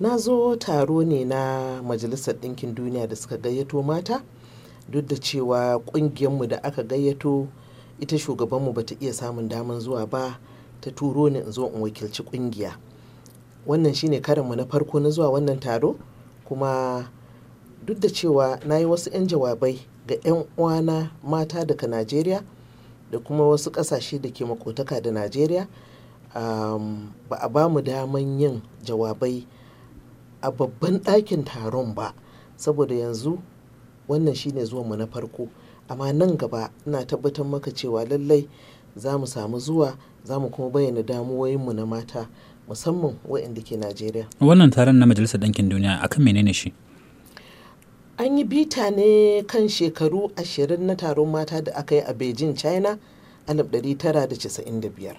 na zo taro ne na majalisar ɗinkin duniya da suka gayyato mata duk da cewa ƙungiyarmu da aka gayyato ita shugabanmu ba ta iya samun daman zuwa ba ta turo ni in zo in wakilci ƙungiya wannan shine mu na farko na zuwa wannan taro kuma duk da cewa na yi wasu 'yan jawabai ga 'yan uwana mata daga najeriya da kuma wasu ƙasashe da ke makotaka da najeriya ba a ba mu daman yin jawabai a babban ɗakin taron ba saboda yanzu wannan shine mu na farko amma nan gaba ina tabbatar maka cewa lallai za mu samu zuwa za mu kuma bayyana damuwoyinmu na mata musamman waɗanda ke najeriya wannan taron na majalisar ɗankin duniya akan menene shi an yi bita ne kan shekaru ashirin na taron mata da aka yi a beijing china 1995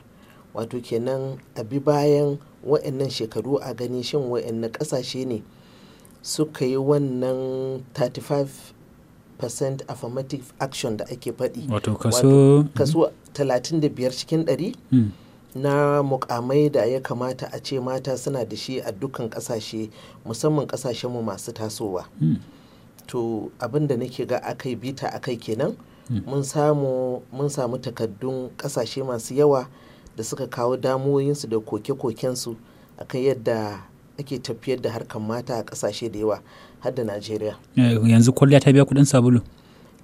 wato kenan a bi bayan wa'annan shekaru a gani shin wa'annan ƙasashe ne suka yi wannan 35% affirmative action da ake faɗi wato kaso kaso 35 cikin 100 hmm. na mukamai da ya kamata a ce mata suna da shi a dukkan ƙasashe musamman mu masu tasowa hmm. to abinda nake ga akai bita akai kenan hmm. mun samu takaddun ƙasashe masu yawa da suka kawo damuwoyinsu da koke-kokensu a kan yadda ake tafiyar da harkar mata a kasashe da yawa har da najeriya eh, yanzu kwalliya ta biya kudin sabulu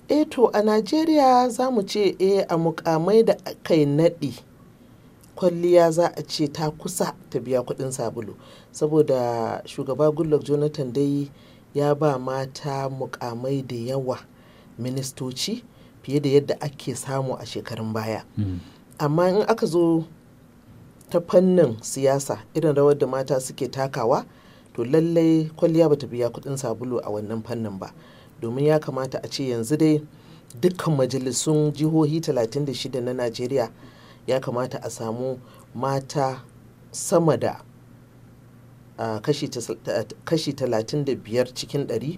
eh to a najeriya za mu ce eh a mukamai da aka yi naɗi kwalliya za a ce ta kusa ta biya kudin sabulu saboda shugaba goodluck jonathan dai ya ba mata mukamai da yawa ministoci fiye da yadda ake samu a shekarun baya mm. amma in aka zo ta fannin siyasa irin rawar da mata suke takawa to lallai kwalliya bata biya kudin sabulu a wannan fannin ba domin ya kamata a ce yanzu dai dukkan majalisun jihohi 36 na najeriya ya kamata a samu mata sama da kashi 35 cikin 100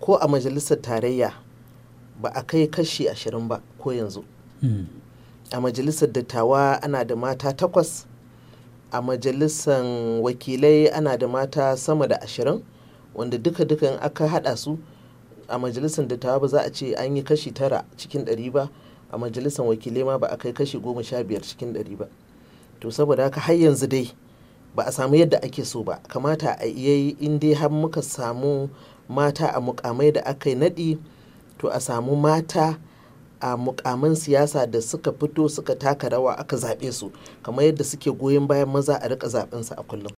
ko a majalisar tarayya ba a kai kashi 20 ba ko yanzu hmm. a majalisar dattawa ana da mata takwas a majalisar wakilai ana da mata sama da ashirin wanda duka-duka in aka haɗa su a majalisar dattawa ba za a ce an yi kashi tara cikin ɗari ba a majalisar wakilai ma ba a kai kashi goma sha biyar cikin ɗari ba to saboda haka har yanzu dai ba a samu yadda ake so ba kamata a iya yi in dai har muka samu mata a mukamai da aka yi naɗi to a samu mata a mukamin siyasa da suka fito suka taka rawa aka zaɓe su kamar yadda suke goyon bayan maza a rika zaɓensu a kullum